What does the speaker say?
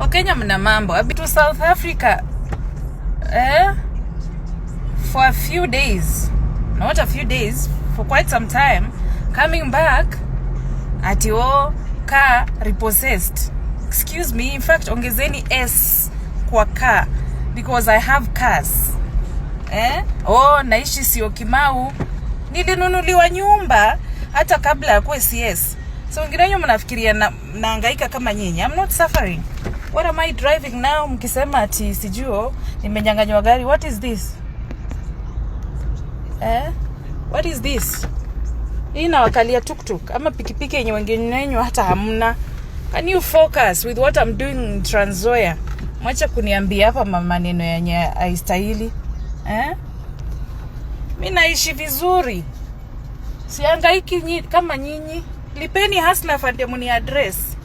Wakenya mna mambo abi to South Africa eh, for a few days, not a few days, for quite some time coming back ati o oh, car repossessed. Excuse me, in fact ongezeni s kwa car because I have cars eh? Oh, naishi sio Kimau, nilinunuliwa nyumba hata kabla ya kuwa CS So wengine wenyewe mnafikiria na, naangaika kama nyinyi. I'm not suffering. What am I driving now? Mkisema ati sijuo nimenyang'anywa gari. What is this? Eh? What is this? Hii nawakalia tuktuk ama pikipiki yenye wengine wenyewe hata hamna. Can you focus with what I'm doing in Transoya Mwacha kuniambia hapa maneno yenye aistahili Eh? Mimi naishi vizuri. Siangaiki nyi, kama nyinyi lipeni hasla Fund address